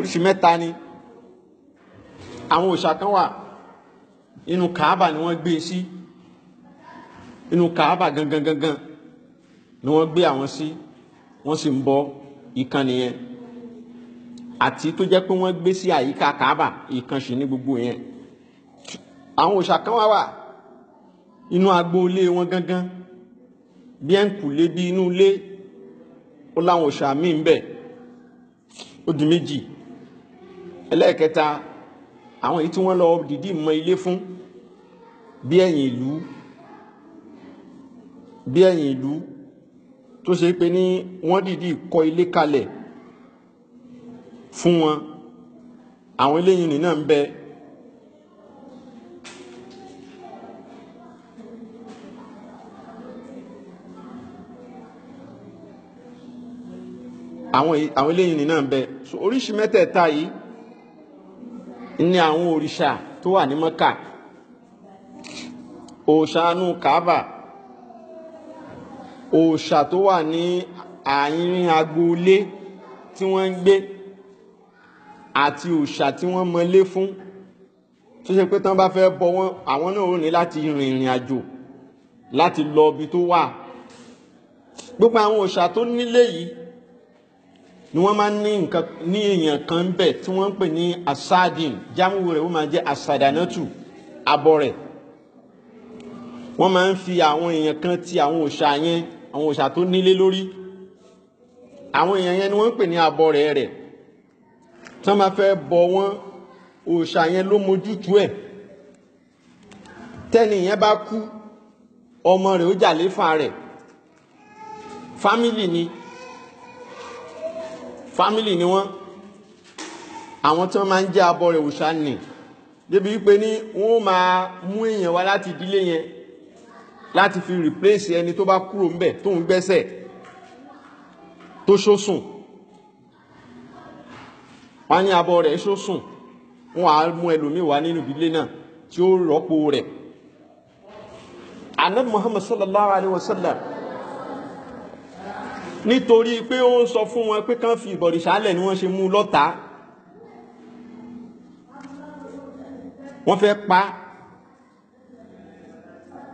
oríṣi mẹ́ta ni àwọn òòṣà kan wà inú kàábà ni wọ́n gbé sí inú kàábà gangan gangan ni wọ́n gbé àwọn sí wọ́n sì ń bọ ìkan nìyẹn àti tó jẹ́ pé wọ́n gbé sí àyíká kàábà ìkan sì ní gbogbo yẹn àwọn òòṣà kan wà wà inú agboolé wọn gangan bí ẹ̀ ń kùlé bí inú ilé ó láwọn òòṣà míì ń bẹ ó di méjì ẹlẹ́ẹ̀kẹta àwọn èyí tí wọ́n lọ dìdí mọ ilé fún bí ẹ̀yìn ìlú bí ẹ̀yìn ìlú tó ṣe pé ní wọ́n dìdí kọ́ ilé kalẹ̀ fún wọn àwọn eléyìí nì ń bẹ àwọn eléyìí nì ń bẹ so oríṣi mẹ́tẹ̀ẹ̀ta yìí ní àwọn òrìṣà tó wà ní mọ́kà òòṣàánú kaaba òòṣà tó wà ní àárín agboolé tí wọ́n ń gbé àti òòṣà tí wọ́n mọlé fún tó ṣe pé tán bá fẹ́ bọ wọn àwọn náà ní láti rin ìrìn àjò láti lọ ibi tó wà gbogbo àwọn òòṣà tó nílé yìí ni wọ́n máa ń ní nǹkan ní èèyàn kan bẹ̀ tí wọ́n ń pè ní asadin jámù rẹ̀ wọ́n máa jẹ́ asadanatu abọ́ rẹ̀ wọ́n máa ń fi àwọn èèyàn kan ti àwọn òòṣà yẹn àwọn òòṣà tó nílé lórí àwọn èèyàn yẹn ni wọ́n ń pè ní abọ́ rẹ̀ rẹ̀ tí wọ́n máa fẹ́ bọ wọ́n òòṣà yẹn ló mójútó ẹ̀ tẹ́ni yẹn bá kú ọmọ rẹ̀ ó jà léfà rẹ̀ fámìlì ni family ni wọ́n àwọn tí wọ́n máa ń jẹ́ abọ́ rẹ̀ òòṣà nì débi wípé ní wọ́n máa mú èèyàn wá láti ìdílé yẹn láti fi replace ẹni tó bá kúrò ńbẹ̀ tó ń gbẹ́sẹ̀ tó ṣósùn wọ́n ní abọ́ rẹ̀ ṣósùn wọ́n á mú ẹlòmíì wá nínú ìdílé náà tí ó rọ́pò rẹ̀ anabi muhammad sallallahu alayhi wa sallam nítorí pé ó ń sọ fún wọn pé kán fi ìbọ̀rìṣálẹ̀ ni wọ́n ṣe mú lọ́ta wọ́n fẹ́ pa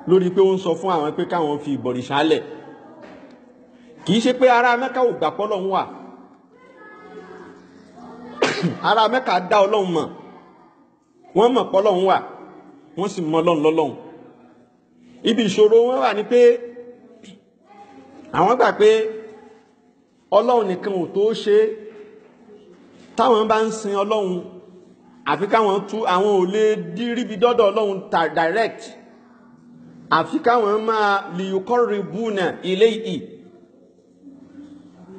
lórí pé ó ń sọ fún àwọn pé káwọn fi ìbọ̀rìṣálẹ̀ kì í ṣe pé ará Mẹ́kà ò gbà pọ́lọ́ ń wà ará Mẹ́kà dá Ọlọ́run mọ̀ wọ́n mọ̀ pọ́lọ́ wà wọ́n sì mọ Ọlọ́run lọ́lọ́run ibi ìṣòro wọn wà ní pé àwọn gbà pé ọlọ́run nìkan ò tó ṣe táwọn bá ń sin ọlọ́run àfi káwọn tú àwọn ò lè díríbi dọ́dọ̀ ọlọ́run direct àfi káwọn máa lìyókọ́rì búnà ilé ì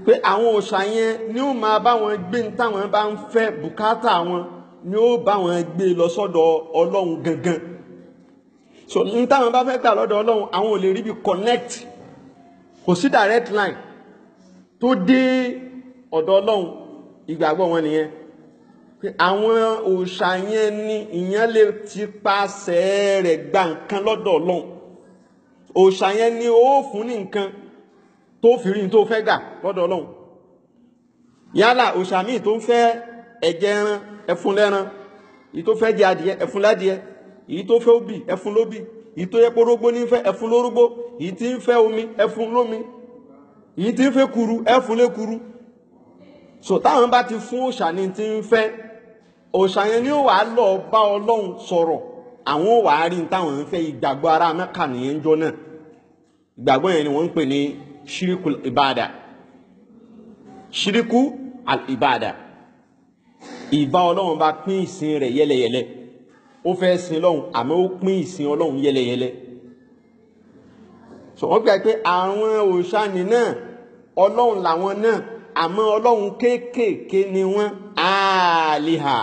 pé àwọn òòṣà yẹn ni ó máa bá wọn gbé ní táwọn bá ń fẹ́ bùkátà wọn ni ó bá wọn gbé lọ sọ́dọ̀ ọlọ́run gangan so ní táwọn bá fẹ́ gbà lọ́dọ̀ ọlọ́run àwọn ò lè ríbi connect kò sí direct line tó dé ọ̀dọ̀ ọlọ́run ìgbàgbọ́ wọn nìyẹn àwọn òòṣà yẹn ni ìyẹn lè ti paṣẹ rẹ̀ gba nǹkan lọ́dọ̀ ọlọ́run òòṣà yẹn ni ó fún ní nǹkan tó fi rí tó fẹ́ gbà lọ́dọ̀ ọlọ́run yálà òòṣà míì tó ń fẹ́ ẹ̀jẹ̀ ẹran ẹfun lẹ́ran èyí tó fẹ́ jẹ adìẹ ẹfun ládìẹ èyí tó fẹ́ obì ẹfun lóbì èyí tó yẹ kórógbó ní fẹ́ ẹfun lórógbó èyí tí ń fẹ́ omi ẹfun lómi yìí tí ń fẹ́ kuru ẹ fún kuru so táwọn bá ti fún òòṣà ni tí ń fẹ́ òòṣà yẹn ni ó wàá lọ bá ọlọ́run sọ̀rọ̀ àwọn ò wàá rí táwọn ń fẹ́ ìgbàgbọ́ ara mẹ́ka nìyẹn ń jọ náà ìgbàgbọ́ yẹn ni wọ́n ń pè ní ṣíríkù ìbàdà ṣíríkù ìbàdà ìbá ọlọ́run bá pín ìsìn rẹ̀ yẹ́lẹ́yẹ́lẹ́ ó fẹ́ sin ọlọ́run àmọ́ ó pín ìsìn ọlọ́run yẹ́lẹ́yẹ́lẹ́ so wọ́n gbà pé àwọn òòṣà ni náà ọlọ́run làwọn náà àmọ́ ọlọ́run kéékèèké ni wọ́n àlìhà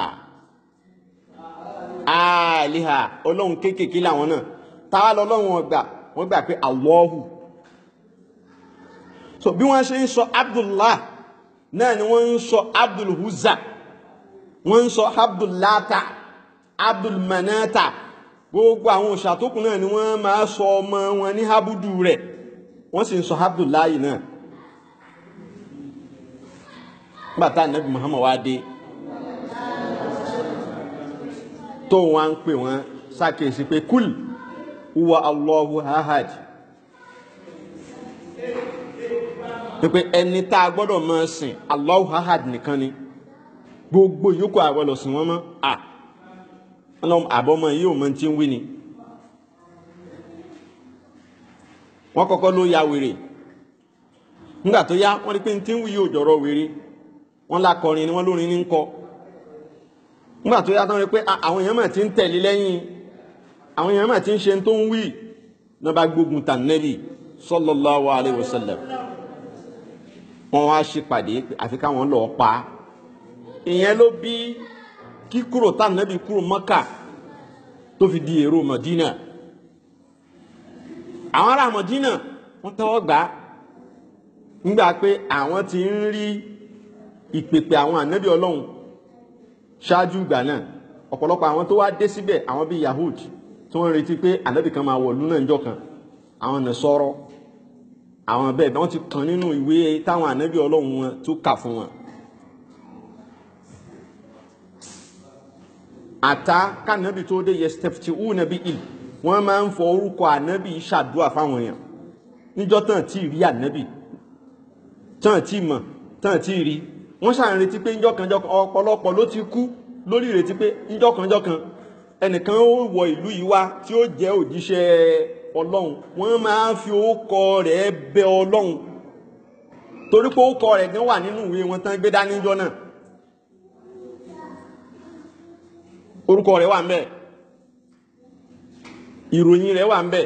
àlìhà ọlọ́run kéékèèké làwọn náà táwa lọ́lọ́run wọn gbà wọ́n gbà pé àwọ̀hù so bí wọ́n ṣe ń sọ Abdullah náà ni wọ́n ń sọ Abdulhuza wọ́n ń sọ Abdullata Abdulmanata gbogbo àwọn òṣàtókù náà ni wọ́n máa sọ ọmọ wọn ní habudu rẹ̀ wọ́n sì ń sọ Abdullahi náà. nígbà tá ànábì Muhammad wá dé tóun wá ń pè wọ́n pe pé kúl Allahu ahad pípé ẹni tá a gbọ́dọ̀ máa sin Allahu ahad nìkan ni gbogbo yòókù a gbọ́dọ̀ sìn wọ́n mọ́ à ọlọ́run yìí ò mọ ti ń wí ni ya wèrè nígbà tó yá wọ́n rí pé ti ń wọ́n lákọrin ni wọ́n lórin ní ń kọ nígbà tó yá tán rí pé ah, àwọn èèyàn mà ti ń tẹ̀lé lẹ́yìn àwọn èèyàn mà ti ń ṣe tó ń wí náà bá gbógun tà nẹ́bì sallallahu alaihi wasallam wọ́n wá ṣèpàdé àfi káwọn lọ pa ìyẹn ló bí kíkúrò tà nẹ́bì kúrò Mọ́kà tó fi di èrò Mọ̀dínà àwọn ará Mọ̀dínà wọ́n tẹ́wọ́ gbà nígbà pé àwọn ti ń rí ìpèpè àwọn ànábì ọlọ́run ṣáájú ìgbà náà ọ̀pọ̀lọpọ̀ àwọn tó wá dé síbẹ̀ àwọn bíi yahud tí wọ́n retí pé ànábì kan máa wọ̀lú náà níjọ́ kan àwọn ọ̀nà sọ̀rọ̀ àwọn bẹ́ẹ̀ wọ́n ti kàn nínú ìwé táwọn ànábì ọlọ́run wọn tó kà fún wọn. àtá kànábì tó dé yẹ stepti u nàbí il wọ́n máa ń fọ orúkọ ànábì ṣàdúrà fáwọn èèyàn níjọ́ tán tí ì ànábì tán tí ì tán tí ì wọ́n ṣà ń retí pé ńjọ́kanjọ́kan ọ̀pọ̀lọpọ̀ ló ti kú lórí ìrètí pé ńjọ́kanjọ́kan ẹnìkan ó wọ ìlú yìí wá tí ó jẹ́ òjíṣẹ́ ọlọ́run wọ́n máa ń fi orúkọ rẹ̀ bẹ ọlọ́run torí pé orúkọ rẹ̀ gan wà nínú ìwé wọn tán gbé dání jọ náà orúkọ rẹ̀ wà ń bẹ ìròyìn rẹ̀ wà ń bẹ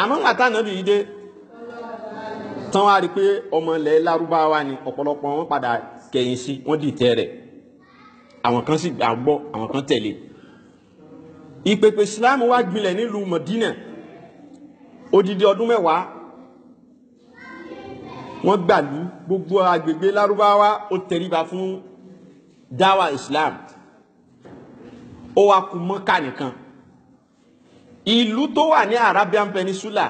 àmọ́ wà tá yìí dé tán wá rí i pé ọmọ ilẹ̀ lárúbáwá ni ọ̀pọ̀lọpọ̀ wọn padà kẹ̀yìn sí wọ́n dìtẹ̀ rẹ̀ àwọn kan sì gbàgbọ́ àwọn kan tẹ̀lé ìpèpè islam wá gbilẹ̀ nílùú Madina odidi ọdún mẹ́wàá wọ́n gbàlú gbogbo agbègbè lárúbáwá ó tẹríba fún dáwà islam ó wá kú mọ́kà nìkan ìlú tó wà ní arabian peninsula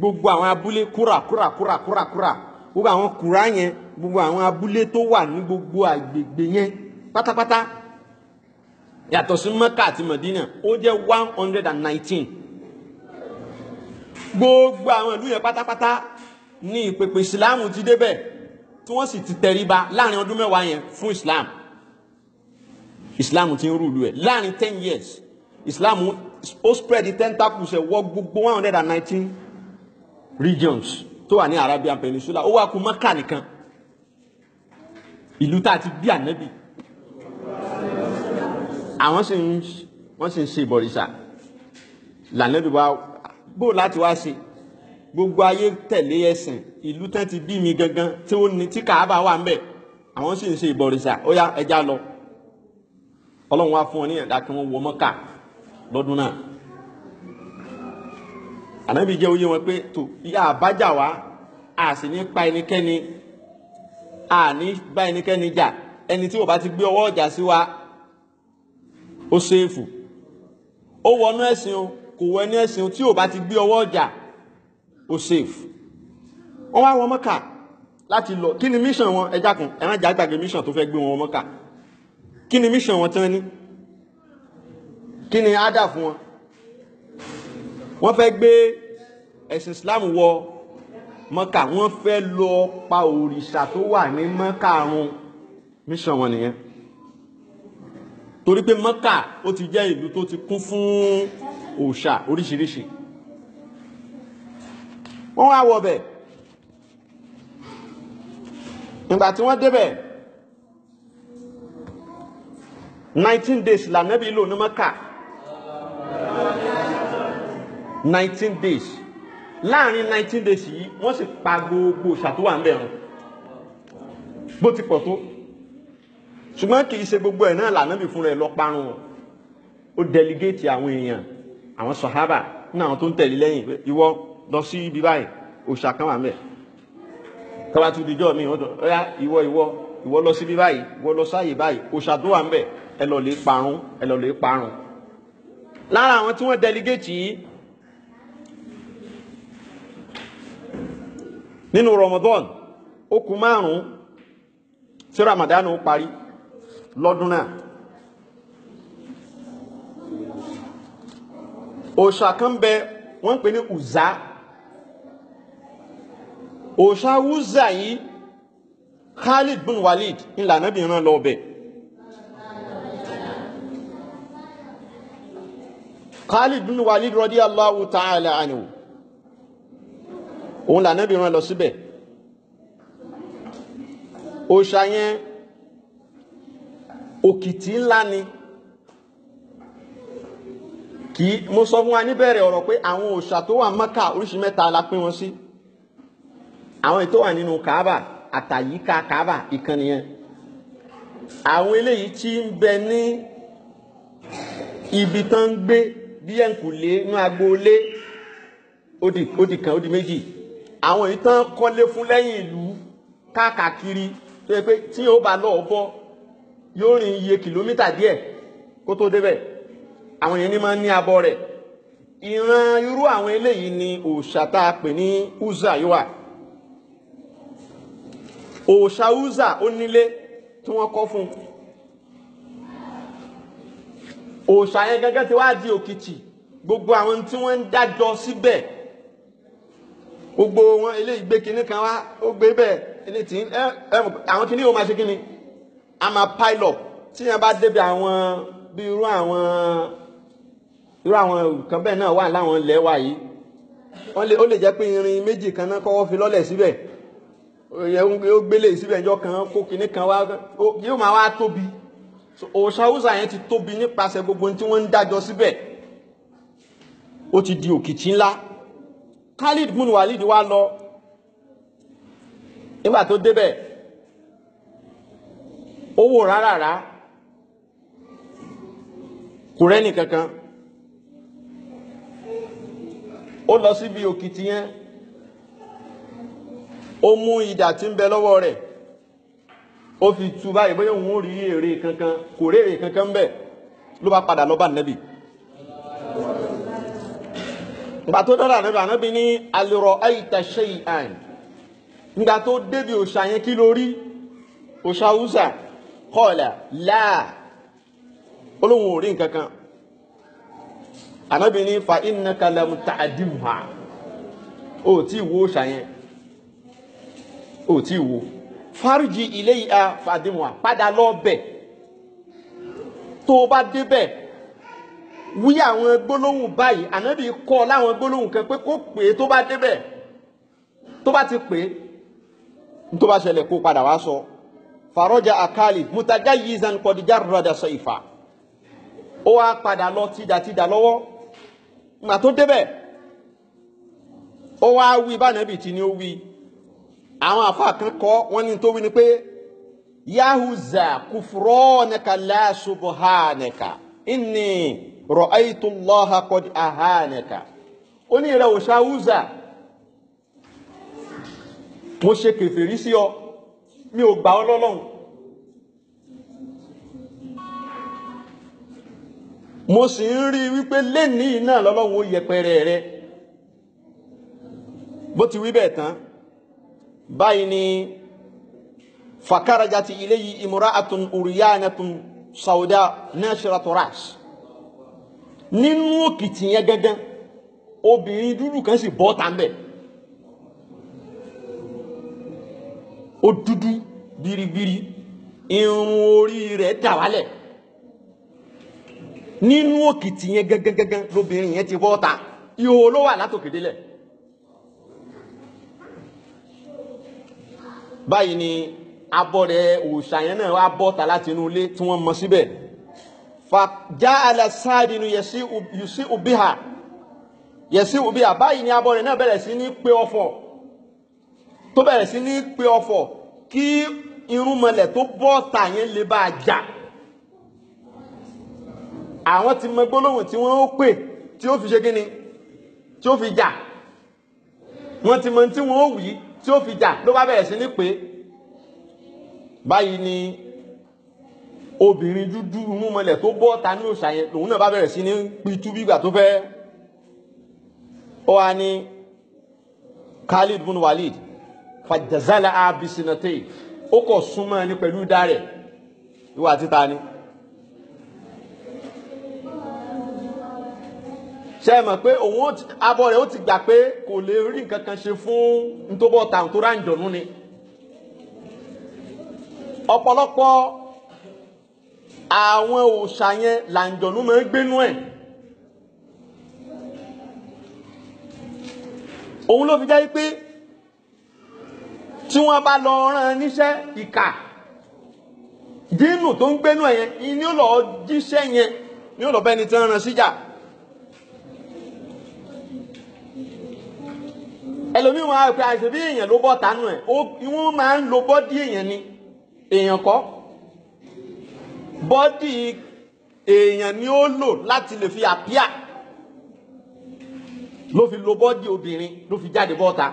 gbogbo àwọn abúlé kúrà kúrà kúrà kúrà kúrà gbogbo àwọn kúrà yẹn gbogbo àwọn abúlé tó wà ní gbogbo àgbègbè yẹn pátápátá yàtọ̀ sí Mẹ́kà àti Mẹdínà ó jẹ́ one hundred and nineteen gbogbo àwọn ìlú yẹn pátápátá ní ìpèpè ìsìláàmù ti débẹ̀ tí wọ́n sì ti tẹríba láàrin ọdún mẹ́wàá yẹn fún Islam Islam ti ń rúlu ẹ̀ láàrin ten years Islam ó spread the tentacles ẹ̀ wọ gbogbo one hundred and nineteen regions tó wà ní Arabian Peninsula ó wá kù Mẹ́kà nìkan ìlú tá a ti bí ànábì àwọn sì ń wọ́n sì ń ṣe ìbọ̀rìṣà lànàbì wa bó láti wá ṣe gbogbo ayé tẹ̀lé ẹ̀sìn ìlú tán ti bí mi gangan tí ó ní tí Kàábà wà ń bẹ̀ àwọn sì ń ṣe ìbọ̀rìṣà ó yá ẹja lọ Ọlọ́run wá fún ọ ní ẹ̀dá kí wọ́n wọ Mẹ́kà lọ́dún náà ànábì jẹ́ oyé wọn pé tó àbájà wá a sì ní pa ẹnikẹ́ni a ní bá ẹnikẹ́ni jà ẹni tí wọ́n bá ti gbé ọwọ́ ọjà sí wa ó ṣèèfù ó wọnú ẹ̀sìn o kò wọnú ẹ̀sìn o tí ò bá ti gbé ọwọ́ ọjà ó ṣèèfù wọ́n wá wọn mọ́kà láti lọ kí ni mission wọn ẹja kan ẹran jà gbàgbé mission tó fẹ́ gbé wọn mọ́kà kí ni mission wọn tán ní kí ni ádà fún wọn wọ́n fẹ́ gbé ẹ̀sìn Islam wọ mọ́kà wọ́n fẹ́ lọ pa òrìṣà tó wà ní mọ́kà run mission wọn nìyẹn torí pé mọ́kà ó ti jẹ́ ìlú tó ti kún fún òòṣà oríṣiríṣi wọ́n wá wọ bẹ̀ ìgbà tí wọ́n débẹ̀ nineteen days lànàbí lò ní mọ́kà nineteen days láàrin nineteen days yìí wọ́n sì pa gbogbo ṣàtúwà ń bẹ̀rùn bó ti pọ̀ tó ṣùgbọ́n kì í ṣe gbogbo ẹ̀ náà lànà bí fúnra ẹ̀ lọ parun o ó delegate àwọn èèyàn àwọn sahaba ní àwọn tó ń tẹ̀lé lẹ́yìn ìwọ lọ sí ibi báyìí òòṣà kan wà ń bẹ̀ kábà tún dijọ́ mi ọ̀dọ̀ ọ̀yá ìwọ ìwọ ìwọ lọ síbi báyìí ìwọ lọ sáàyè báyìí òòṣà tó wà ń bẹ̀ ẹ lọ lè parun ẹ lọ lè parun lára àwọn tí wọ́n delegate yìí nínú Ramadan ó márùn tí Ramadan ó parí lọ́dún náà òòṣà kan bẹ wọ́n ń pè ní Uzza òòṣà Uzza yìí Khalid bin Walid ńlá nábì rán lọ bẹ̀ Khalid bin Walid radiyallahu ta'ala anhu òun là nẹ́bí wọn lọ síbẹ̀ òòṣà yẹn òkìtì ńlá ni kì í mo sọ fún wa níbẹ̀rẹ̀ ọ̀rọ̀ pé àwọn òòṣà tó wà Mẹ́kà oríṣi mẹ́ta la pín wọn sí àwọn ètò wà nínú Kaaba àtàyíká Kaaba ìkan nìyẹn àwọn eléyìí tí ń bẹ ní ibi tán ń gbé bí ẹ̀ǹkùlé inú agboolé ó di kan ó di méjì àwọn èyí tán kọ́lé fún lẹ́yìn ìlú káàkiri tó yẹ pé tí ó bá lọ́ọ́ bọ́ yóò rìn iye kìlómítà díẹ̀ kó tó débẹ̀ àwọn èyí ni máa ń ní abọ́ rẹ̀ ìran irú àwọn eléyìí ni òòṣà tá a pè ní uza yìí wà òòṣà uza ó nílé tí wọ́n kọ́ fún un òòṣà yẹn gẹ́gẹ́ ti wá di òkìtì gbogbo àwọn tí wọ́n ń dájọ́ síbẹ̀ gbogbo wọn eléyìí gbé kinní kan wá ó gbé bẹ́ẹ̀ ilé tí àwọn kinní yóò máa ṣe kinní a máa pile up tí yẹn bá débi àwọn bí irú àwọn irú àwọn nǹkan bẹ́ẹ̀ náà wà láwọn ilẹ̀ wa yìí wọ́n lè ó lè jẹ́ pé irin méjì kan náà kọ́wọ́ fi lọ́lẹ̀ síbẹ̀ ó gbélé síbẹ̀ ńjọ́ kan kó kinní kan wá yóò máa wá tóbi òòṣà hausa yẹn ti tóbi nípasẹ̀ gbogbo tí wọ́n ń dájọ́ síbẹ̀ ó ti di òkìtì ńlá Khalid bin Walid wá lọ nígbà tó débẹ̀ owó rárára kò rẹ́ni kankan ó lọ síbi òkìtì yẹn ó mú idà tí ń bẹ lọ́wọ́ rẹ̀ ó fi tu báyìí bóyá òun ò rí èrè kankan kò rí èrè kankan bẹ́ẹ̀ ló bá padà lọ nẹ́bì ìgbà tó dọ́dọ̀ ànábì ànábì ní alẹ́rọ̀ ayíta ṣe ìhàn ìgbà tó débi òṣà yẹn kí lórí òṣà húsà kọ́ọ̀lá láà olóhùn orí nǹkan kan ànábì ní fa iná kalamu tàdímà ó tí wo òṣà yẹn ó tí wo fárújì ilé ìhà fàdímà padà lọ bẹ̀ tó bá débẹ̀ wí àwọn gbólóhùn báyìí ànábì kọ́ láwọn gbólóhùn kan pé kó pè é tó bá débẹ̀ tó bá ti pè é tó bá ṣẹlẹ̀ kó padà wá sọ faroja akali mutaja yizan kọdija rọdà sọ ìfà ó wá padà lọ tìjàtìjà lọ́wọ́ mà tó débẹ̀ ó wá wí bánàbì tí ni ó wí àwọn àfa kan kọ wọn ní tó wí ni pé yahuza kufurọ nẹka lásùbọ hánẹka inni ra'aytu Allaha qad ahanaka ó ní ìrẹ́ òṣàwùzà mo ṣe kèfèrí sí ọ mi ò gbà ọ́ lọ́lọ́run mo sì ń rí wípé lénìí náà lọ́lọ́run ó yẹpẹrẹ rẹ bó ti wí bẹ́ẹ̀ tán báyìí ni fakarajati ilayhi imra'atun uriyanatun sauda nashratu ras nínú òkìtì yẹn gángan obìnrin dúdú kan sì bọ́ ta ń bẹ̀ biribiri irun orí rẹ̀ dà wálẹ̀ nínú òkìtì yẹn gángan gángan lóbìnrin yẹn ti bọ́ ta ihò ló wà dele. délẹ̀ báyìí ni abọ́ rẹ̀ òòṣà yẹn náà wá bọ́ ta láti inú ilé tí wọ́n mọ síbẹ̀ fàjá alasádìnnú yẹsí ubiha yẹsí ubiha báyìí ni abọ́ rẹ̀ náà bẹ̀rẹ̀ sí ní pé ọfọ̀ tó bẹ̀rẹ̀ sí ní pé ọfọ̀ kí irúnmọlẹ̀ tó bọ́ ta yẹn lè bá a jà àwọn ti mọ gbólóhùn tí wọ́n ó pè tí ó fi ṣe kí ni tí ó fi jà wọ́n ti mọ tí wọ́n wí tí ó fi jà ló bá bẹ̀rẹ̀ sí ní pé báyìí ni obìnrin dúdú múmọlẹ̀ tó bọ́ ta ní òòṣà yẹn lòun náà bá bẹ̀rẹ̀ sí ní pitú bígbà tó fẹ́ ó wá ní Khalid bin Walid fàjẹsàlẹ̀ abisinate ó kọ̀ súnmọ́ ẹni pẹ̀lú ìdá rẹ̀ ìwà títa ni. ṣe mọ̀ pé òun abọ́ rẹ̀ ó ti gbà pé kò lè rí nǹkan kan ṣe fún ntòbọ̀tà tó ráǹjọ̀nú ni ọ̀pọ̀lọpọ̀ àwọn òòṣà yẹn làǹjọ̀nú máa ń gbénú ẹ̀ òun ló fi jẹ́ pé tí wọ́n bá lọ rán níṣẹ́ ìkà dínú tó ń gbénú ẹ̀ yẹn ni ó lọ jíṣẹ́ yẹn ni ó lọ bẹ́ni tí wọ́n rán síjà. ẹlòmíràn á pè bí èèyàn ló bọ́ tánú ẹ̀ wọ́n máa ń lo bọ́dí èèyàn ni èèyàn kọ́ bọ́dì èèyàn ni ó lò láti lè fi àpíà ló fi lo bọ́dì obìnrin ló fi jáde bọ́ta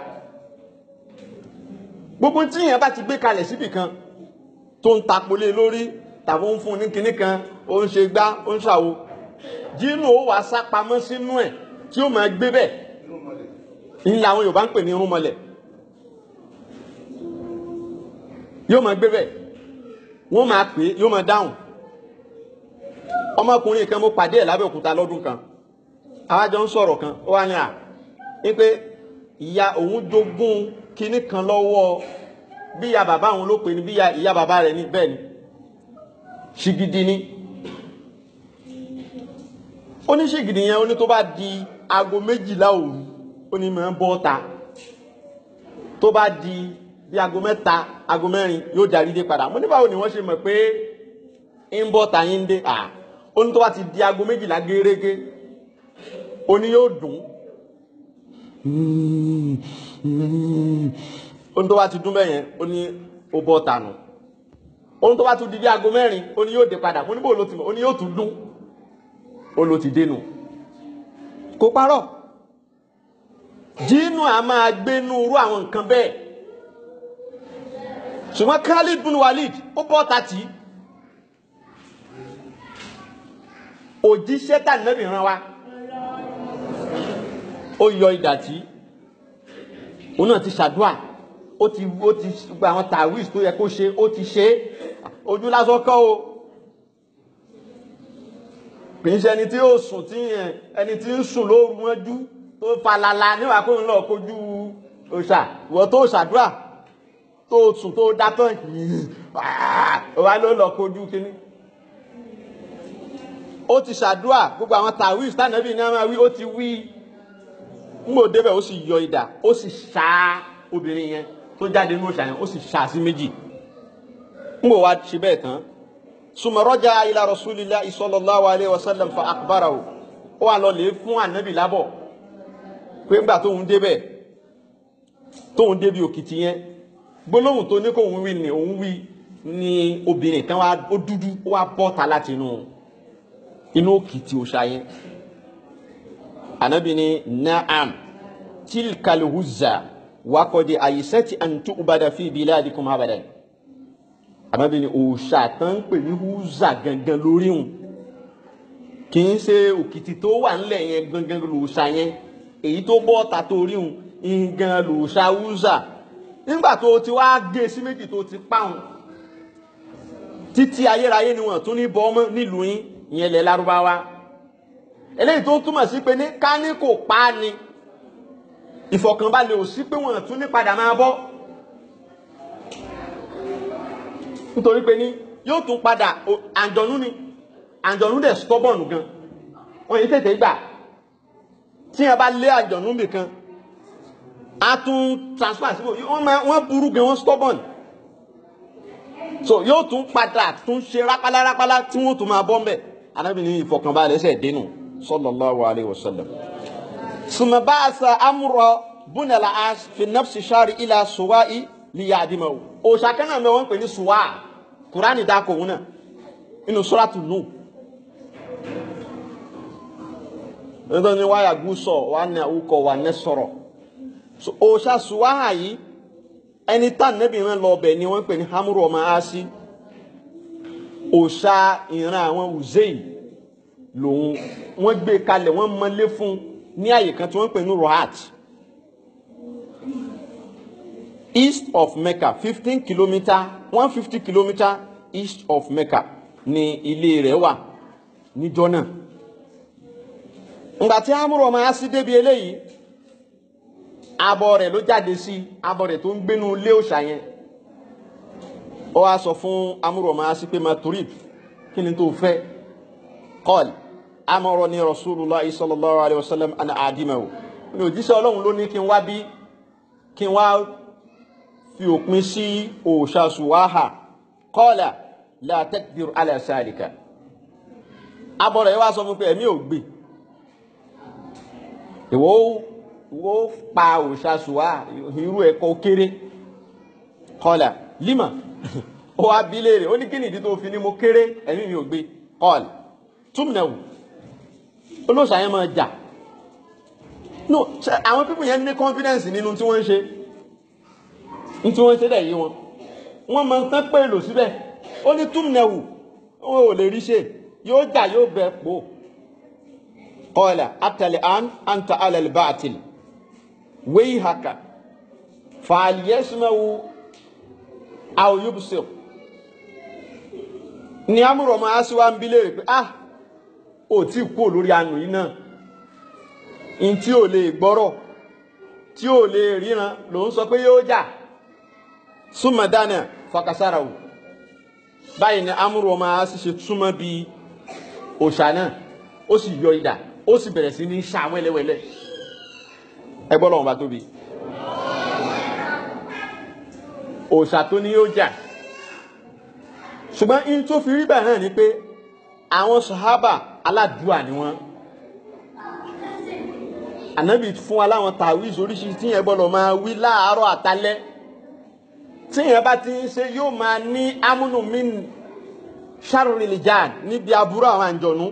gbogbo tí èèyàn bá ti gbé kalẹ̀ síbì kan tó ń tapolé lórí tàbí ó ń fún ní kinní kan ó ń ṣe gbá ó ń ṣàwo jínú ó wàá sá pamọ́ sínú ẹ̀ tí ó máa gbé bẹ́ẹ̀ ńlá àwọn Yorùbá ń pè ní irúnmọlẹ̀ yóò máa gbé bẹ́ẹ̀ wọ́n máa pè é yóò máa dáhùn ọmọkùnrin kan mo pàdé ẹ̀ lábẹ́òkúta lọ́dún kan àwájọ ń sọ̀rọ̀ kan ó wá ní à ní pé ìyá òun jogún kinní kan lọ́wọ́ bíya bàbá òun ló pè ní bíya ìyá bàbá rẹ̀ ní bẹ́ẹ̀ ni ṣìgìdì ni ó yẹn ó tó bá di aago méjìlá òru ó ní máa ń bọ́ ta tó bá di bí aago mẹ́ta aago mẹ́rin yóò darí dé padà mo ní báwo ni wọ́n ṣe mọ̀ pé ń bọ̀ tàyín dé à ó ní tó bá ti di aago méjìlá gérégé oní yóò dùn ó ní tó bá ti dún bẹ́yẹn ó oni ó bọ̀ tànù ó ní tó bá ti di bí aago mẹ́rin ó yóò dé padà mo ní bò ló ti mọ̀ ó yóò tún dún ó ti dénú kó parọ́ jíínù a máa gbénú irú àwọn nǹkan bẹ́ẹ̀ ṣùgbọ́n Khalid bin Walid ó bọ́ tàtí òjíṣẹ́ tànàbì rán wa ó yọ ìdàtí òun náà ti ṣàdúà ó ti ó ti gba àwọn tàwíìs tó yẹ kó ṣe ó ti ṣe ojú lásán kọ́ o kì í ṣe ẹni tí yóò sùn tí ẹni tí ń sùn lóru mọ́jú tó falala níwàá kó kojú òṣà ìwọ tó ṣàdúrà tó sùn tó dá tán yìí ah, wà ló lọ kojú kínní ó ti ṣàdúà gbogbo àwọn tàwíf tànàbí ní àwọn wí ó ti wí ngbò débẹ̀ ó sì yọ idà ó sì ṣá obìnrin yẹn tó jáde nínú òṣà yẹn ó sì ṣá sí méjì ngbò wa ṣe bẹ́ẹ̀ tán sùmọ̀rọ́jà ila rasulillah sallallahu alaihi wasallam fa akbarahu ó wà lọ lè fún ànábì lábọ̀ pé ńgbà tóun débẹ̀ tóun débi òkìtì yẹn gbólóhùn tó ní kó òun wí ni òun wí ni obìnrin tán wá ó dúdú ó wá bọ́ ta láti inú inú òkìtì òòṣà yẹn anabi ni naam tilkal huzza wakọ̀dì àyíṣẹ́tì àǹtú ubada fi biladikum abadan anabi ni òòṣà tán ń pè ní huzza gangan lórí wọn kì í ṣe òkìtì tó wà ńlẹ̀ yẹn gangan lòòṣà yẹn èyí tó bọ́ ta torí wọn ngan lòòṣà huzza nígbà tó o ti wá gé sí méjì tó o ti páhùn títí ayérayé ni wọ́n tún ní bọ́ nílùú yín ìyẹn lẹ̀ lárúbáwá eléyìí tó túmọ̀ sí pé ní kání kò pa ni ìfọ̀kànbalẹ̀ ò sí pé wọ́n tún ní padà máa bọ́ nítorí pé ní yóò tún padà àjọ̀nú ni àjọ̀nú dẹ̀ stubborn gan wọ́n yìí tètè gbà tí wọ́n bá lé àjọ̀nú nìkan a tún transfer síbò wọ́n burú gan wọ́n stubborn so yóò tún padà tún ṣe rápálá rápálá tí wọ́n tún máa bọ́ mbẹ̀ Ànábì ní ìfọkànbalẹ̀ ṣe dénú sallallahu alayhi wa sallam. sùmọ̀báàsà amúrọ̀ bùnàlà as fi nafsi sáré ilà suwa'i liyadima o òòṣà kan náà wọ́n ń pè ní suwa kùránì dákò òun náà inú suratu nù. nítorí wáyà gúúsọ̀ wà ní àwùkọ wà ní sọ̀rọ̀ òòṣà suwaha yìí ẹni tá nẹ́bí ìran lọ ọbẹ̀ ni wọ́n ń pè ní hamuru ọmọ asi òòṣà ìran àwọn uzei lòun wọ́n gbé kalẹ̀ wọ́n mọ́lé fún ní àyè kan tí wọ́n pè ní rohat east of Mecca fifteen kilometre one fifty kilometre east of Mecca ni ilé rẹ̀ wà níjọ́ náà ngbàtí hamuru ọmọ asi débi eléyìí. abọ́ rẹ̀ ló jáde sí abọ́ rẹ̀ tó ń gbénu lé òòṣà yẹn ó wá sọ fún amúrọ̀mọ́ asípé maturib kí ni tó fẹ́ kọ́ọ̀lì amọ̀rọ̀ ni rasulullah sallallahu alayhi wa sallam ana adimahu ní òjíṣẹ́ ọlọ́run ló ní kí n wá bí kí n wá fi òpin sí òòṣà suwaha kọ́ọ̀là la takdir ala salika abọ́ rẹ̀ wá sọ fún pé ẹ̀mí ò gbé ìwọ́ wọ́n pa òòṣà ṣùwà irú ẹ̀kọ́ kéré kọ́là lima ó wá bí léèrè ó ní kí nìdí tó fi ní mo kéré ẹ̀mí mi ò gbé kọ́là túmùnẹ̀wò olóòṣà yẹn máa jà no àwọn pípù yẹn ní confidence nínú tí wọ́n ń ṣe ní tí wọ́n ń ṣe dẹ̀ yí wọn wọ́n máa ń tán pé èlò síbẹ̀ ó ní túmùnẹ̀wò wọn ò lè rí ṣe yóò jà yóò bẹ̀ pò kọ́là atẹ̀lẹ̀ àn àǹtà alẹ́ bá àtìlẹ̀ wey haka fa aliesi mewu a oyo busef ni amuru o ma asi wa bile ah o ti kwuo lori anuri naa in ti o le gboro ti o le riran lo n so peye o jaa suma ma dania faka sarawu bayi ni amuru o ma se tuma bi osa naa o si yio ida o si bere si ni n sha awon ẹgbọ́n lọ́wọ́ bá tóbi òòṣà tó ní yóò jà ṣùgbọ́n in tó fi rí bẹ́ẹ̀ náà ni pé àwọn sàhábà aládùúà ni wọ́n ànábì fún aláwọn tàwíz oríṣi tí yẹn gbọ́dọ̀ máa wí láàárọ̀ àtàlẹ́ tí yẹn bá ti ń ṣe yóò máa ní amúnumín sharri lijan níbi aburú àwọn àjọ̀nú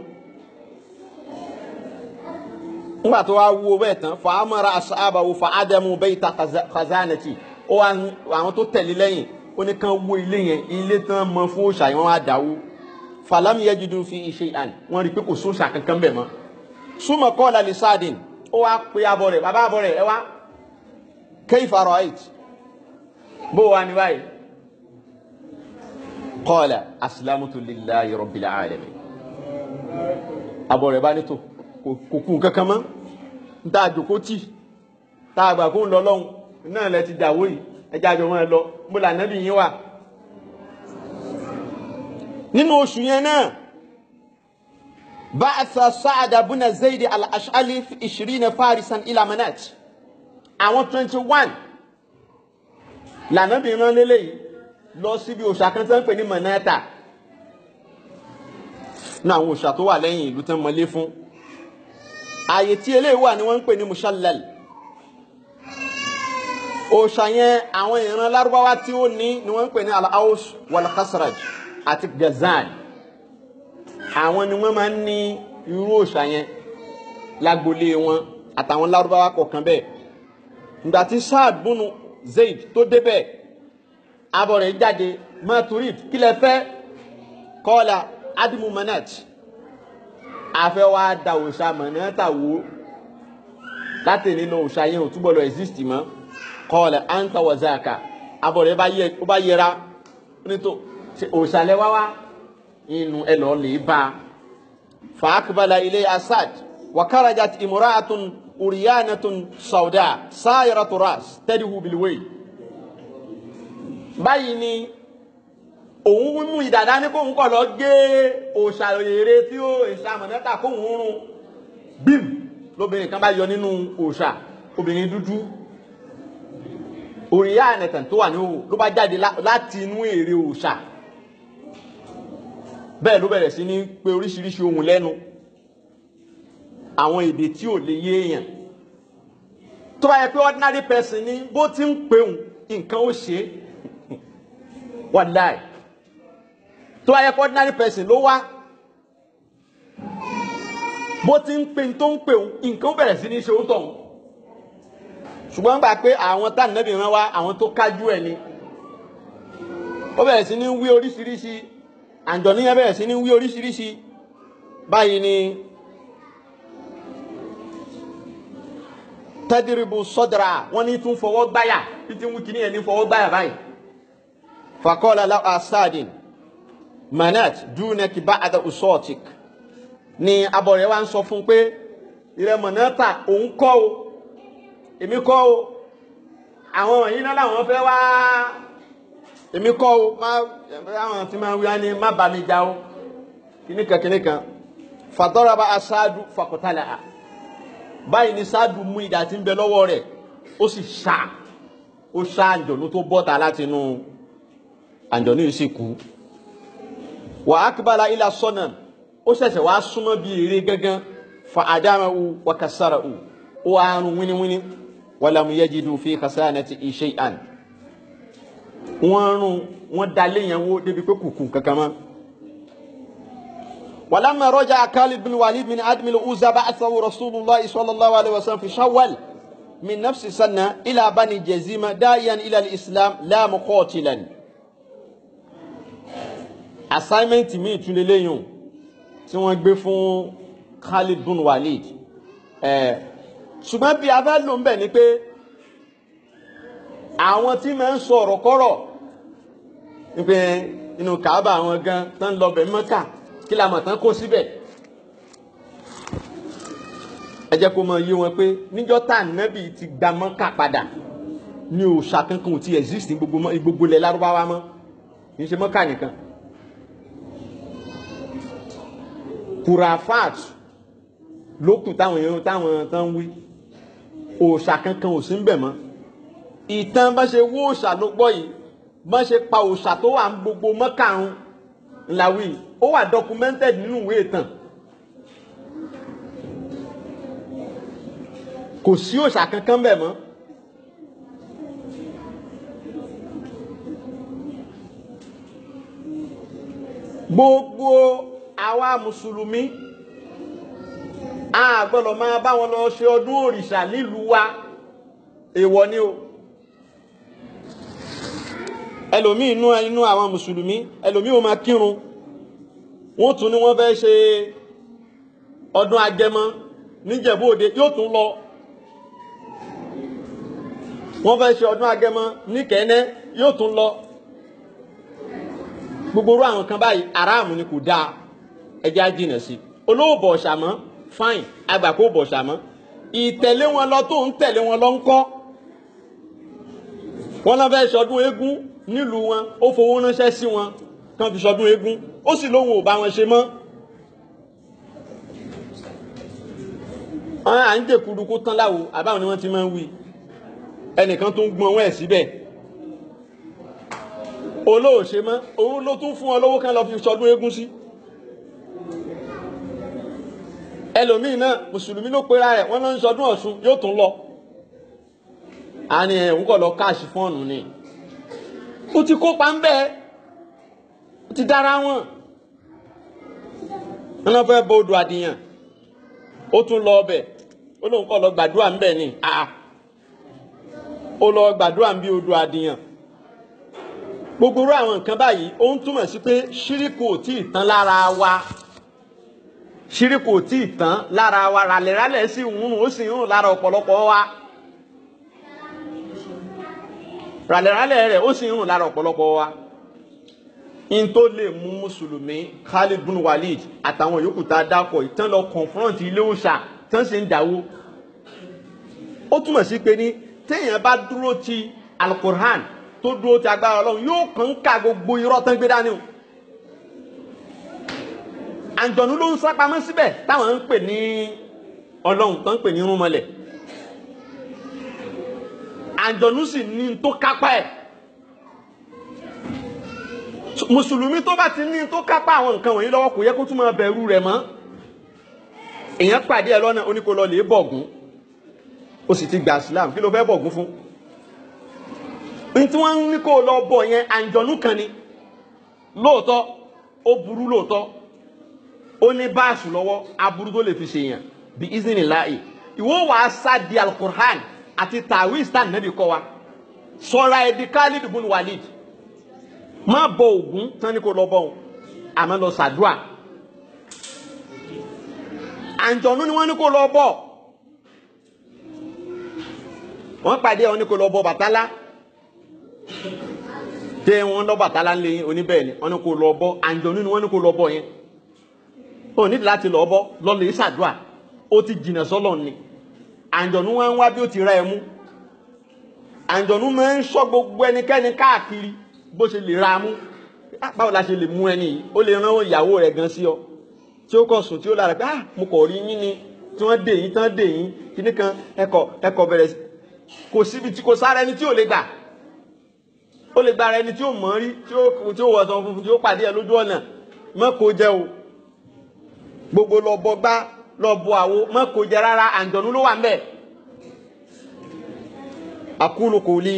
nígbà tó wá wo bẹ́ẹ̀ tán fa amara aṣáábàwò fa ádámù bayta khazanati ó wá àwọn tó tẹ̀lé lẹ́yìn ó ní kán wó ilé yẹn ilé tán mọ fún òòṣà yẹn wọ́n á dáwó falam yajidu fi shay'an wọ́n rí i pé kò sóòṣà kankan bẹ̀ mọ́ súnmọ́ kọ́ọ̀lá lè sáàdìn ó wá pe abọ́ rẹ̀ bàbá abọ́ rẹ̀ ẹ wá kayfa ra'ayt bó wà ní báyìí qala aslamutu lillahi rabbil alamin abọ́ rẹ̀ bá ní tó kò kú kankan mọ́ n ta àjòkó tì tá a gbà kó ń lọ lọ́hùn náà lẹ ti dàwó yìí ẹja àjọ wọn lọ mo là nábì yín wà. nínú oṣù yẹn náà ba'atha Sa'ad buna Zayd al-Ash'ali ishirina farisan ila Manat àwọn twenty one lànàbì rán lélẹ́yìí lọ síbi òòṣà kan ń pè ní Manata náà àwọn òòṣà tó wà lẹ́yìn ìlú tán mọ́lé fún ààyè tí eléyìí wà ni wọ́n ń pè ní mushallal òòṣà yẹn àwọn ìran lárúbáwá tí ó ní ni wọ́n ń pè ní al-Aws wal-Khazraj àti Ghazal àwọn ni wọ́n máa ń ní irú òòṣà yẹn lágbolé wọn àtàwọn lárúbáwá kọ̀ọ̀kan bẹ́ẹ̀ nígbà tí Saad bunu Zaid tó débẹ̀ abọ̀rẹ̀ jáde maturid kílẹ̀ fẹ́ kọ́ọ̀là adimu manat afẹ́ wa da òòṣà mọ̀nẹ́ta wo láti nínú òòṣà yẹn ò túbọ̀ lọ exist mọ́ kọ́ọ̀lẹ̀ anta wazaka abọ̀rẹ́ ó bá yẹra nítorí òòṣà lẹ́wá wá inú ẹ lọ́ọ́ lè bá fàákìbala ilé asad wàkàràjà imra'atun uriyanatun sauda sáyẹrẹ tó ras tẹ́lifù bilwé báyìí ni òun mú ìdàdá ní kóun kọ̀ lọ gé òṣàyèrè tí ó ìṣàmọ̀nẹ́ta kóun rún bim lóbìnrin kan bá yọ nínú òṣà obìnrin dúdú òrìyá ànẹ̀tàn tó wà ní òwò ló bá jáde láti inú èrè òṣà bẹ́ẹ̀ ló bẹ̀rẹ̀ sí ní pé oríṣiríṣi ohun lẹ́nu àwọn èdè tí ò lè yé èèyàn tó bá yẹ pé ordinary person ni bó ti ń pè òun nǹkan ó ṣe wàláì tó bá yẹ kó ordinary person ló wá bó ti ń pe tó ń pe òun nǹkan ó bẹ̀rẹ̀ sí ní ṣe ó tọ̀ òun ṣùgbọ́n gbà pé àwọn tá nẹ́bí rán wá àwọn tó kájú ẹ̀ ni ó bẹ̀rẹ̀ sí ní wí oríṣiríṣi àǹjọ̀níyàn bẹ̀rẹ̀ sí ní wí oríṣiríṣi báyìí ni tẹ́dìrìbù sọ́dọ̀rà wọ́n ní tún fọwọ́ gbáyà títí wíkì ní ẹni fọwọ́ gbáyà báyìí fàkọ́lá asáàdìn manat dunaki ba'da usotik ni abọ̀rẹ̀ wa ń sọ fún pé ìrẹ mọ̀nàtà òun kọ́ o èmi kọ́ o àwọn yìí náà làwọn fẹ́ wá èmi kọ́ o má àwọn tí máa ń wíwá ní má bà mí já o kìnìkan kìnìkan fàtọ́rọ̀bá aṣáájú fàkọ̀tàlà báyìí ni ṣáájú mú ìdá tí ń bẹ lọ́wọ́ rẹ̀ ó sì ṣá ó ṣá àjọ̀nú tó bọ́ta látinú àjọ̀nú yìí sì kú wà akbala ila sọ́nà ó ṣẹ̀ṣẹ̀ wá súnmọ́ bí eré gángan fa adamahu wa kasarahu ó wá rún wíníwíní walam yajidu fi khasanati shay'an wọ́n rún wọ́n dalé yẹn wó débi pé kùkù kankan mọ́. ولما رجع خالد بن وليد من عدم الأوزة بعثه رسول الله صلى الله عليه وسلم في شوال من نفس السنة إلى بني جزيمة داعيا إلى الإسلام لا مقاتلا assignment míì tún lélẹ́yìn o tí wọ́n gbé fún Khalid bin Walid eh, ṣùgbọ́n bí a bá lò ń bẹ̀ ni pé àwọn tí máa ń sọ ọ̀rọ̀ kọ́rọ̀ nípe inú Kaaba àwọn gan tán lọ bẹ̀ Mẹ́kà kí la mọ̀ tán kó síbẹ̀ ẹ jẹ́ kó mọ yé wọn pé níjọ́ tá nẹ́bì ti gba Mẹ́kà padà ní òòṣà kankan ò ti exist ní gbogbo ilẹ̀ lárúbáwá mọ́ kì í ṣe Mẹ́kà nìkan kurafat lókù táwọn èèyàn táwọn tán wí òòṣà kankan ò sí ń bẹ̀ mọ́ ìtàn bá ṣe wó òòṣà ló gbọ́ yìí bá ṣe pa òòṣà tó wà ń gbogbo mọ́kàrún ńlá wí ó wà documented nínú ìwé ìtàn kò sí òòṣà kankan bẹ̀ mọ́. gbogbo àwa mùsùlùmí a gbọ́dọ̀ máa bá wọn lọ ṣe ọdún òrìṣà nílùú wa èèwọ̀ ni o ẹlòmíì inú inú àwọn mùsùlùmí ẹlòmíì ó máa kírun wọ́n tún ní wọ́n fẹ́ ṣe ọdún agẹmọ níjẹ̀bú òde yóò tún lọ wọ́n fẹ́ ṣe ọdún agẹmọ níkẹ́ẹ́nẹ́ yóò tún lọ gbogbo orú àwọn kan báyìí aráàmù ni kò dáa ẹjẹ́ á jìnà sí olówó bọ̀ ṣàmọ́ fine àgbà kó bọ̀ ṣàmọ́ ìtẹ̀lé wọn lọ tó ń tẹ̀lé wọn lọ ń kọ́ wọn lọ fẹ́ ṣọdún eégún nílùú wọn ó fowó ránṣẹ́ sí wọn kàn fi ṣọdún eégún ó sì lóun ò bá wọn ṣe mọ́. à ń dèkúdu kó tán láwo àbáwọn ni wọ́n ti máa ń wí ẹnìkan tó ń gbọ́n wọn ẹ̀ síbẹ̀ olóòṣe mọ́ òun ló tún fún ọ lówó kan lọ fi ṣọdún eégún sí. Si ẹlòmíì náà mùsùlùmí ló pera rẹ̀ wọ́n ló ń sọdún Ọ̀ṣun yóò tún lọ a ní ẹ̀ ń kọ̀ lọ káàṣì fọ́ọ̀nù ni ó ti kópa ń bẹ́ ó ti dára wọn wọn lọ fẹ́ bọ odò àdìyàn ó tún lọ ọbẹ̀ ó lóun kọ̀ lọ gbàdúrà ń bẹ̀ ni ó lọ gbàdúrà ń bí odò àdìyàn gbogbo irú àwọn nǹkan báyìí ó ń túmọ̀ sí pé ṣíríkù ò tí ì tán lára wa ṣírí kò tí ì tán lára wa ràlẹ́ràlẹ́ sì ń rún ó sì ń rún lára ọ̀pọ̀lọpọ̀ wa ràlẹ́ràlẹ́ rẹ̀ ó sì ń lára ọ̀pọ̀lọpọ̀ wa in tó lè mú mùsùlùmí Khalid bin Walid àtàwọn yòókù tá a dákọ̀ ìtàn lọ confront ilé òòṣà tán sì ń dáwó ó túmọ̀ sí pé ní téèyàn bá dúró ti alukur'an tó dúró ti agbára ọlọ́run yóò kàn ń gbogbo irọ́ tán gbé dání o àǹjọ̀nú ló ń sá pamọ́ síbẹ̀ táwọn ń pè ní ọlọ́run tó ń pè ní irúnmọlẹ̀ àǹjọ̀nú sì ní tó kápá ẹ̀ mùsùlùmí tó bá ti ní tó kápá àwọn nǹkan wọ̀nyí lọ́wọ́ kò yẹ kó tún máa bẹ̀rù rẹ̀ mọ́ èèyàn pàdé ẹ lọ́nà oníkó lọ lè ó sì ti gba Islam kí ló fẹ́ bọ̀gún fún tí wọ́n ní kó lọ bọ̀ yẹn àǹjọ̀nú kan ni lóòótọ́ ó burú lóòótọ́ ó ní báàsù lọ́wọ́ aburú tó lè fi ṣe yàn bí isnini láàyè ìwọ wàá sá di alukur'an àti tawis tá nàbì kọ́ wa sọra ẹdi khalid bun walid má bọ ògún tán ni kò lọ bọ òun àmọ́ lọ sàdúà àǹjọ̀nú ni wọ́n ní kò lọ bọ wọ́n pàdé àwọn ní kò lọ bọ bàtálá tẹ wọn lọ bàtálá ńlẹ oníbẹ̀ẹ́ni wọ́n ní kò lọ bọ àǹjọ̀nú ni wọ́n ní kò lọ bọ yẹn o ní láti lọ bọ́ lọ́lẹ̀ ṣàdúà ó ti jìnà sọ́lọ̀ ni àǹjọ̀nú wọn ń wá bí ó ti ra ẹ mú àǹjọ̀nú máa ń sọ gbogbo ẹnikẹ́ni káàkiri bó ṣe lè ra mú ah, báwo la ṣe lè mú ẹni yìí ó lè rán ìyàwó rẹ̀ gan sí ọ tí ó kọ̀ sùn tí ó lára pé ah mo kọ̀ rí yín ni tí wọ́n dè yín tán dè yín kíní kan ẹkọ ẹkọ bẹ̀rẹ̀ kò síbi tí kò sára ẹni tí ò lè gbà ó lè gbà ara ẹni tí ò mọ̀ rí tí ó wọ̀ sọ funfun tí ó pàdé ẹ lójú ọ̀nà mọ́ kó jẹ́ o gbogbo lọ bọ gbá lọ bọ àwo mọ kò jẹ rárá àǹjọ̀nú ló wà ń bẹ̀. aqulu quli.